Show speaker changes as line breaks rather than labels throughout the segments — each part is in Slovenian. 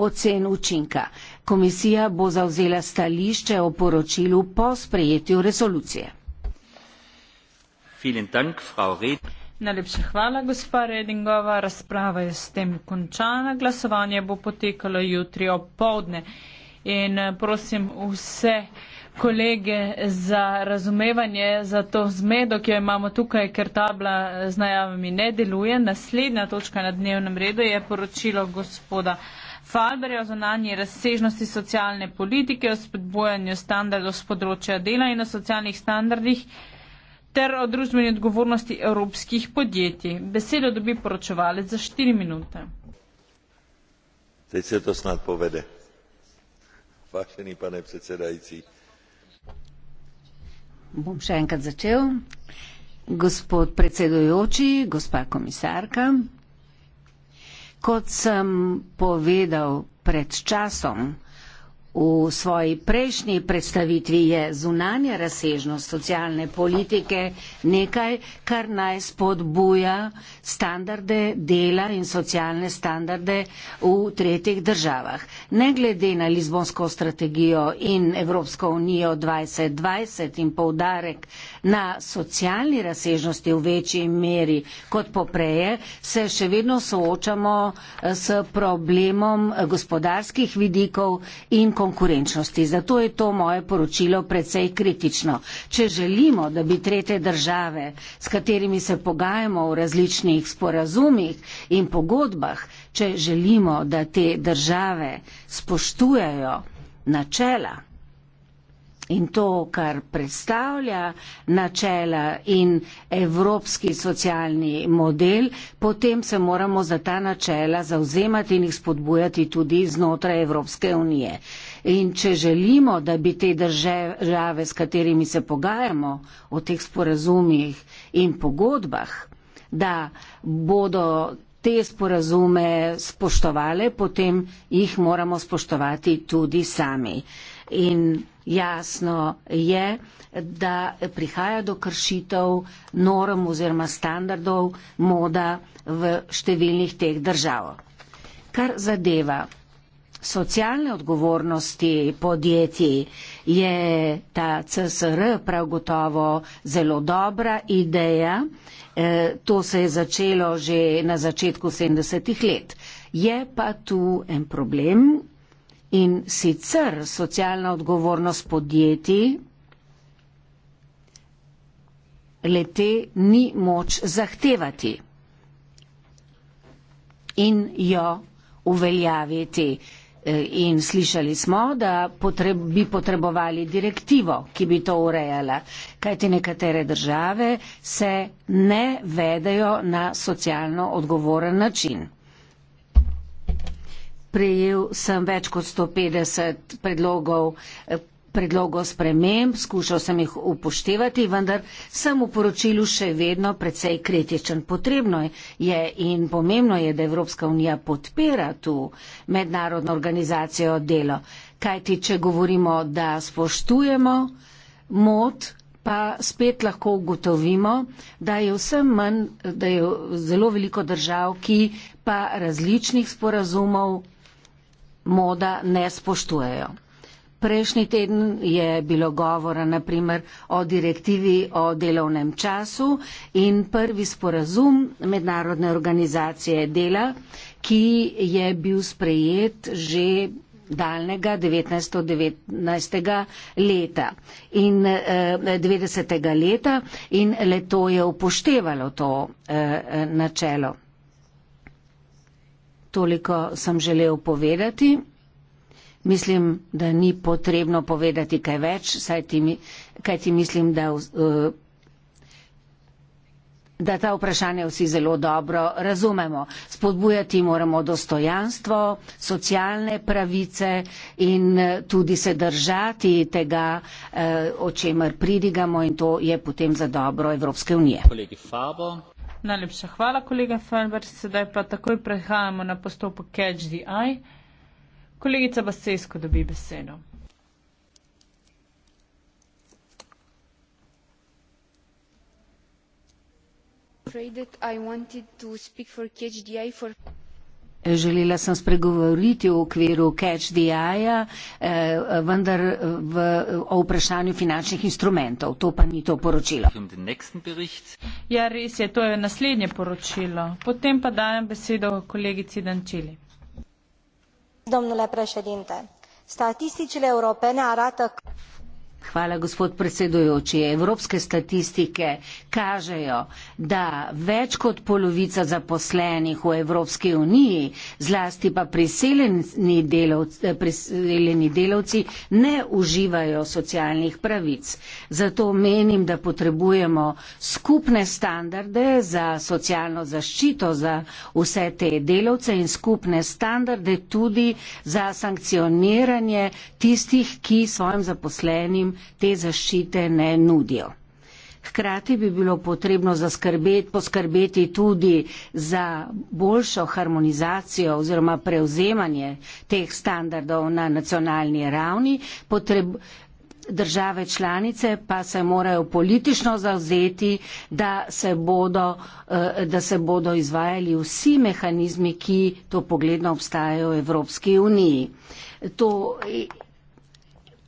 ocen učinka. Komisija bo zauzela stališče o poročilu po
sprejetju resolucije. Najlepša hvala, gospa Redingova. Razprava je s tem končana. Glasovanje bo potekalo jutri o povdne. In eh, prosim vse kolege za razumevanje, za to zmedo, ki jo imamo tukaj, ker tabla eh, z najavami ne deluje. Naslednja točka na dnevnem redu je poročilo gospoda. Falberja o zonanji razsežnosti socialne politike, o spodbojanju standardov z področja dela in o socialnih standardih ter o družbeni odgovornosti evropskih podjetij. Besedo dobi poročevalec za štiri minute.
Teď se to snad povede. Vašený pane predsedajci. Bom še enkrat začel. Gospod predsedujoči, gospa komisarka, kot sem povedal pred časom V svoji prejšnji predstavitvi je zunanja razsežnost socialne politike nekaj, kar naj spodbuja standarde dela in socialne standarde v tretjih državah. Ne glede na Lizbonsko strategijo in Evropsko unijo 2020 in poudarek na socialni razsežnosti v večji meri kot popreje, se še vedno soočamo eh, s problemom eh, gospodarskih vidikov in konkurenčnosti konkurenčnosti. Zato je to moje poročilo predvsej kritično. Če želimo, da bi trete države, s katerimi se pogajamo v različnih sporazumih in pogodbah, če želimo, da te države spoštujajo načela, in to, kar predstavlja načela in evropski socialni model, potem se moramo za ta načela zauzemati in jih spodbujati tudi znotraj Evropske unije. In če želimo, da bi te države, s katerimi se pogajamo o teh sporazumih in pogodbah, da bodo te sporazume spoštovale, potem jih moramo spoštovati tudi sami in jasno je, da prihaja do kršitev norm oziroma standardov moda v številnih teh držav. Kar zadeva socialne odgovornosti podjetij, je ta CSR prav gotovo zelo dobra ideja. E, to se je začelo že na začetku 70-ih let. Je pa tu en problem, in sicer socialna odgovornost podjetij, lete ni moč zahtevati in jo uveljaviti. E, in slišali smo, da potreb, bi potrebovali direktivo, ki bi to urejala, kajti nekatere države se ne vedejo na socialno odgovoren način prejel sem več kot 150 predlogov, eh, predlogov sprememb, skušal sem jih upoštevati, vendar sem v poročilu še vedno precej kritičen. Potrebno je in pomembno je, da Evropska unija podpira tu mednarodno organizacijo delo. Kajti, če govorimo, da spoštujemo mod, pa spet lahko ugotovimo, da je vsem manj, da je zelo veliko držav, ki pa različnih sporazumov moda ne spoštujejo. Prejšnji teden je bilo govora naprimer o direktivi o delovnem času in prvi sporazum mednarodne organizacije dela, ki je bil sprejet že daljnega 1919. leta in 90. Eh, leta in leto je upoštevalo to eh, načelo toliko sem želel povedati. Mislim, da ni potrebno povedati kaj več, kaj ti mislim, da, eh, da ta vprašanja vsi zelo dobro razumemo. Spodbujati moramo dostojanstvo, socialne pravice in eh, tudi se držati tega, eh, o čemer pridigamo in to je potem za dobro Evropske unije.
Najlepša hvala, kolega Fenberg. Sedaj pa takoj prehajamo na postopek Catch the Eye. Kolegica Basesko dobi besedo.
I wanted to speak for KHDI for Želela sem spregovoriti v okviru Catch the Eye, eh, vendar v, o vprašanju finančnih instrumentov. To pa ni to poročilo.
Ja, res je, to je naslednje poročilo. Potem pa dajem besedo kolegici Dančili.
Domnule prešedinte, statistične Evrope ne arata. Hvala, gospod predsedujoči. Evropske statistike kažejo, da več kot polovica zaposlenih v Evropski uniji, zlasti pa priseljeni delavci, priseljeni delavci, ne uživajo socialnih pravic. Zato menim, da potrebujemo skupne standarde za socialno zaščito za vse te delavce in skupne standarde tudi za sankcioniranje tistih, ki svojim zaposlenim te zaščite ne nudijo. Hkrati bi bilo potrebno zaskrbeti, poskrbeti tudi za boljšo harmonizacijo oziroma prevzemanje teh standardov na nacionalni ravni. Potreb države članice pa se morajo politično zavzeti, da se bodo, eh, da se bodo izvajali vsi mehanizmi, ki to pogledno obstajajo v Evropski uniji. To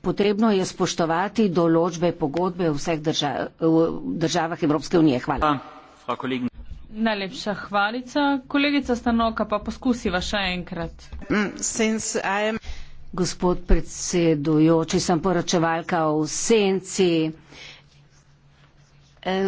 Potrebno je spoštovati določbe pogodbe v vseh držav, v državah Evropske unije. Hvala.
Najlepša hvalica. Kolegica Stanoka, pa poskusiva še enkrat. Mm,
Gospod predsedujoči, sem poročevalka v senci.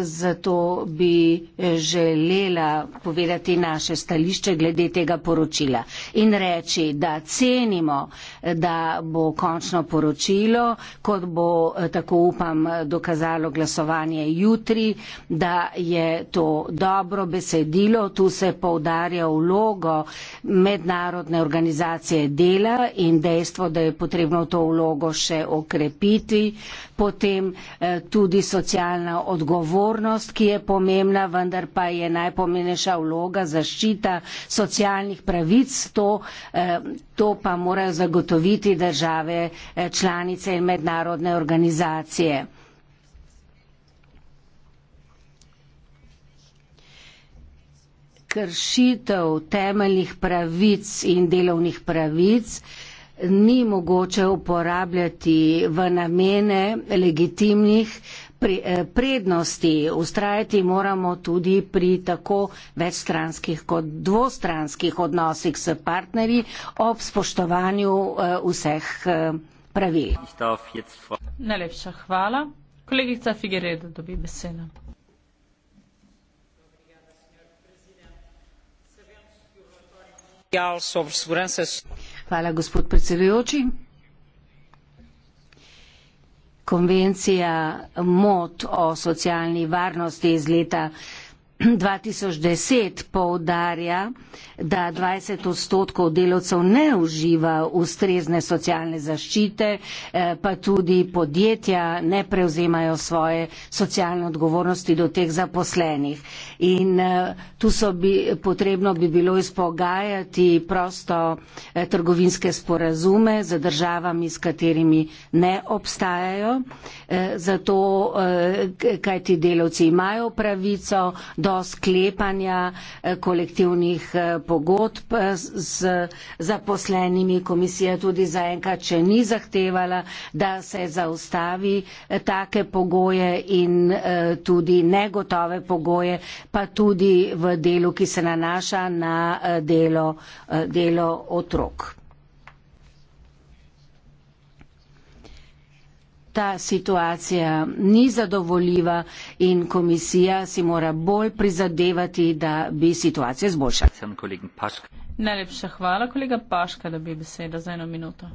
Zato bi želela povedati naše stališče glede tega poročila in reči, da cenimo, da bo končno poročilo, kot bo eh, tako upam dokazalo glasovanje jutri, da je to dobro besedilo. Tu se povdarja vlogo mednarodne organizacije dela in dejstvo, da je potrebno to vlogo še okrepiti. Potem eh, tudi socialna odgovornost odgovornost, ki je pomembna, vendar pa je najpomembnejša vloga zaščita socialnih pravic. To, eh, to pa morajo zagotoviti države eh, članice in mednarodne organizacije. Kršitev temeljnih pravic in delovnih pravic ni mogoče uporabljati v namene legitimnih pri, eh, prednosti, ustrajati moramo tudi pri tako večstranskih kot dvostranskih odnosih s partnerji ob spoštovanju eh, vseh eh, pravil.
Najlepša hvala. Kolegica Figueredo dobi besedo. Hvala, gospod
predsedujoči konvencija MOT o socialni varnosti iz leta 2010 povdarja, da 20 odstotkov delavcev ne uživa ustrezne socialne zaščite, eh, pa tudi podjetja ne prevzemajo svoje socialne odgovornosti do teh zaposlenih. In eh, tu so bi, potrebno bi bilo izpogajati prosto eh, trgovinske sporazume z državami, s katerimi ne obstajajo, zato kaj ti delavci imajo pravico do do sklepanja eh, kolektivnih eh, pogodb eh, z zaposlenimi. Komisija tudi zaenkrat še ni zahtevala, da se zaustavi take pogoje in tudi negotove pogoje, pa tudi v delu, ki se nanaša na delo, delo otrok. ta situacija ni zadovoljiva in komisija si mora bolj prizadevati, da bi situacija zboljšala.
Najlepša hvala, kolega Paška, da bi beseda za eno minuto.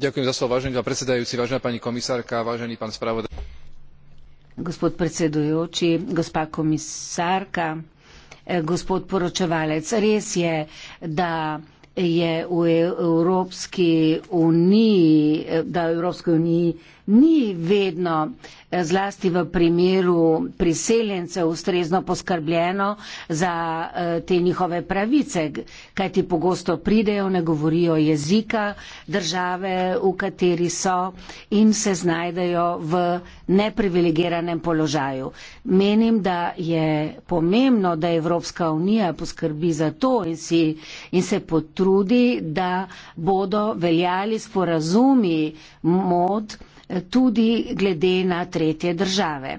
Ďakujem za slovo, vážený pán predsedajúci, vážená pani komisárka, vážený pán spravodaj.
Gospod predsedujoči, gospa komisárka, eh, gospod poročevalec, res je, da je v Evropski uniji, da v Evropski uniji ni vedno eh, zlasti v primeru priseljencev ustrezno poskrbljeno za eh, te njihove pravice, kajti pogosto pridejo, ne govorijo jezika države, v kateri so in se znajdejo v neprivilegiranem položaju. Menim, da je pomembno, da Evropska unija poskrbi za to in, si, in se potrudi, da bodo veljali sporazumi mod, tudi glede na tretje države.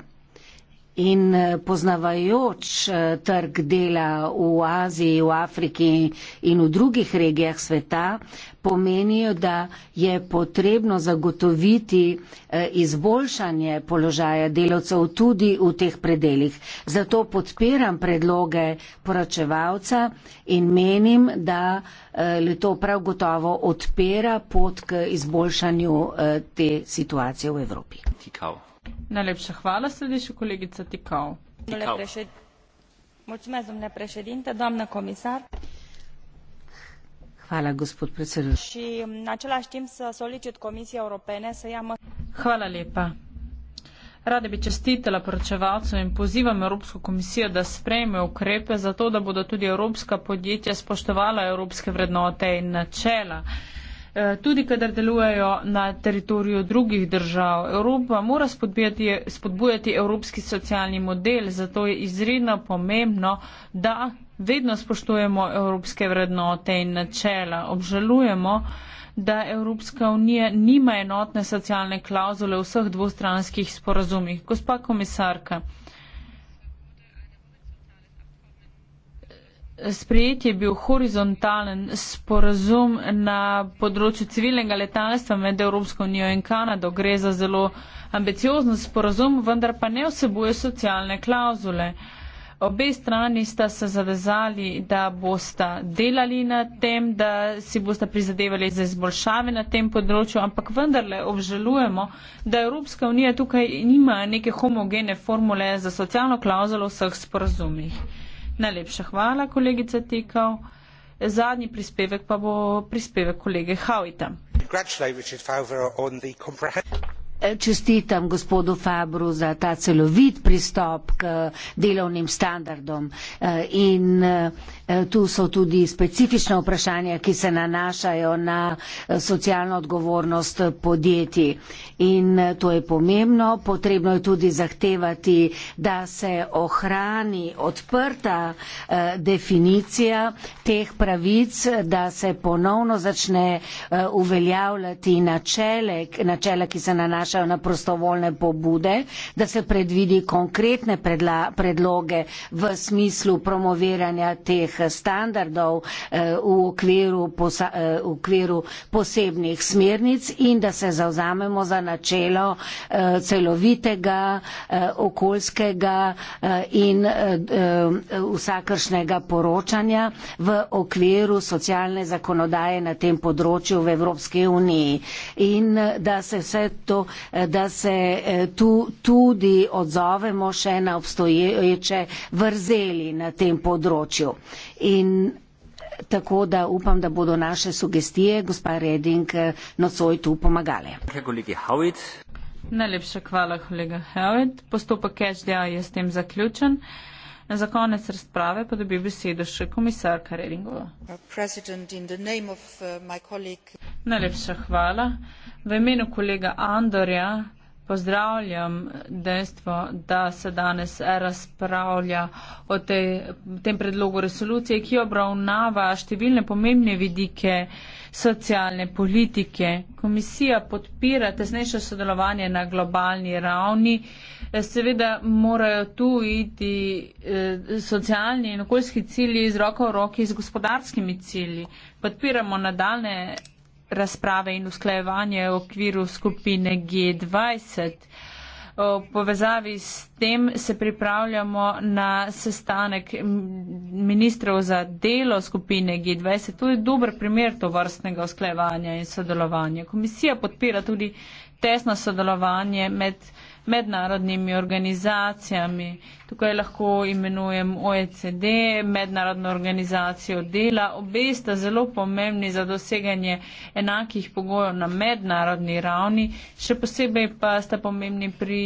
In eh, poznavajoč eh, trg dela v Aziji, v Afriki in v drugih regijah sveta, pomenijo, da je potrebno zagotoviti eh, izboljšanje položaja delavcev tudi v teh predeljih. Zato podpiram predloge poročevalca in menim, da le to prav gotovo odpira pot k izboljšanju te situacije v Evropi.
Najlepša hvala, sledi še kolegica Tikal. Mulțumesc, domnule președinte, doamnă comisar. Hvala, gospod predsedu. Și în același timp să solicit Comisia Europene să ia mă... Hvala lepa. Rade bi čestitela poročevalcu in pozivam Evropsko komisijo, da sprejme ukrepe za to, da bodo tudi evropska podjetja spoštovala evropske vrednote in načela. Eh, tudi kadar delujejo na teritoriju drugih držav. Evropa mora spodbujati, spodbujati evropski socialni model, zato je izredno pomembno, da vedno spoštujemo evropske vrednote in načela. Obžalujemo, da Evropska unija nima enotne socialne klauzule v vseh dvostranskih sporazumih. Gospa komisarka, sprejet je bil horizontalen sporazum na področju civilnega letalstva med Evropsko unijo in Kanado. Gre za zelo ambiciozen sporazum, vendar pa ne vsebuje socialne klauzule. Obe strani sta se zavezali, da bosta delali na tem, da si bosta prizadevali za izboljšave na tem področju, ampak vendarle obžalujemo, da Evropska unija tukaj nima neke homogene formule za socialno klauzulo v vseh sporazumih. Najlepša hvala, kolegica Tikal. Zadnji prispevek pa bo prispevek kolege Havita.
Čestitam gospodu Fabru za ta celovit pristop k delovnim standardom eh, in eh, tu so tudi specifična vprašanja, ki se nanašajo na eh, socialno odgovornost podjetij in to je pomembno. Potrebno je tudi zahtevati, da se ohrani odprta definicija teh pravic, da se ponovno začne uveljavljati načele, načele ki se nanašajo nanašajo na prostovoljne pobude, da se predvidi konkretne predla, predloge v smislu promoviranja teh standardov eh, v okviru, posa, eh, v okviru posebnih smernic in da se zauzamemo za načelo eh, celovitega okoljskega in vsakršnega poročanja v okviru socialne zakonodaje na tem področju v Evropski uniji. In da se vse to da se eh, tu tudi odzovemo še na obstoječe vrzeli na tem področju. In tako da upam, da bodo naše sugestije, gospa Reding, eh, nocoj tu
pomagale. Najlepša hvala, kolega Howitt. Postopek HDA je s tem zaključen. Za konec razprave pa dobi besedo še komisarka Redingova. Uh, Najlepša hvala. V imenu kolega Andorja pozdravljam dejstvo, da se danes razpravlja o tej, tem predlogu resolucije, ki obravnava številne pomembne vidike socialne politike. Komisija podpira tesnejše sodelovanje na globalni ravni. Seveda morajo tu iti eh, socialni in okoljski cilji iz roka v roki z gospodarskimi cilji. Podpiramo nadaljne razprave in usklajevanje v okviru skupine G20. V povezavi s tem se pripravljamo na sestanek ministrov za delo skupine G20. To je dober primer to vrstnega usklejevanja in sodelovanja. Komisija podpira tudi tesno sodelovanje med mednarodnimi organizacijami. Tukaj lahko imenujem OECD, Mednarodno organizacijo dela. Obe sta zelo pomembni za doseganje enakih pogojev na mednarodni ravni, še posebej pa sta pomembni pri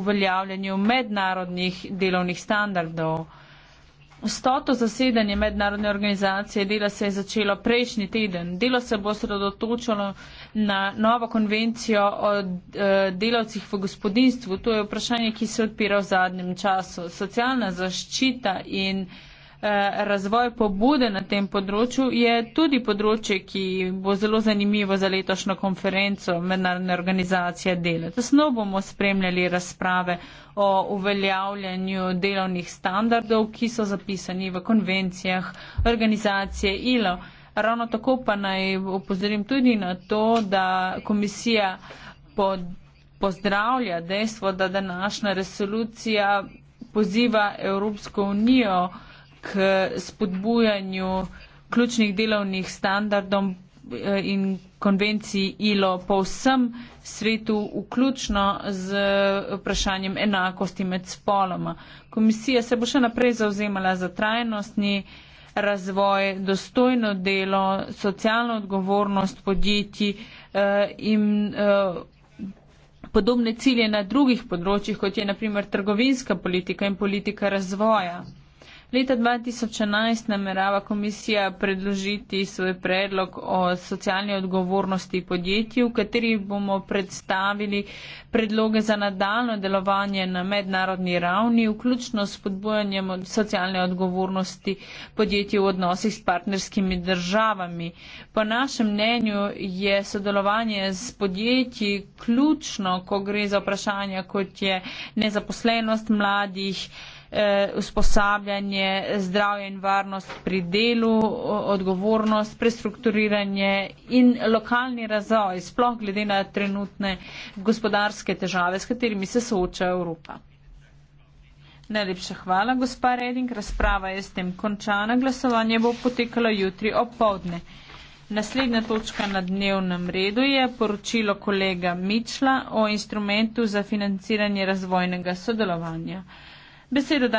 uveljavljanju izvajanju mednarodnih delovnih standardov. Stoto zasedanje mednarodne organizacije dela se je začelo prejšnji teden. Delo se bo sredotočalo na novo konvencijo o eh, delavcih v gospodinstvu. To je vprašanje, ki se odpira v zadnjem času. Socialna zaščita in Eh, razvoj pobude na tem področju je tudi področje, ki bo zelo zanimivo za letošnjo konferenco mednarodne organizacije dela. Tesno bomo spremljali razprave o uveljavljanju delovnih standardov, ki so zapisani v konvencijah organizacije ILO. Ravno tako pa naj upozorim tudi na to, da komisija pod, pozdravlja dejstvo, da današnja resolucija poziva Evropsko unijo, k spodbujanju ključnih delovnih standardom eh, in konvenciji ILO po vsem svetu, vključno z vprašanjem enakosti med spoloma. Komisija se bo še naprej zauzemala za trajnostni razvoj, dostojno delo, socialno odgovornost podjetij eh, in eh, podobne cilje na drugih področjih, kot je naprimer trgovinska politika in politika razvoja. Leta 2011 namerava komisija predložiti svoj predlog o socialni odgovornosti podjetij, v kateri bomo predstavili predloge za nadaljno delovanje na mednarodni ravni, vključno s podbojanjem socialne odgovornosti podjetij v odnosih s partnerskimi državami. Po našem mnenju je sodelovanje s podjetji ključno, ko gre za vprašanja kot je nezaposlenost mladih, Eh, usposabljanje, zdravje in varnost pri delu, odgovornost, prestrukturiranje in lokalni razvoj, sploh glede na trenutne gospodarske težave, s katerimi se sooča Evropa. Najlepša hvala, gospa Reding. Razprava je s tem končana. Glasovanje bo potekalo jutri opovdne. Naslednja točka na dnevnem redu je poročilo kolega Mičla o instrumentu za financiranje razvojnega sodelovanja. Besedo dajem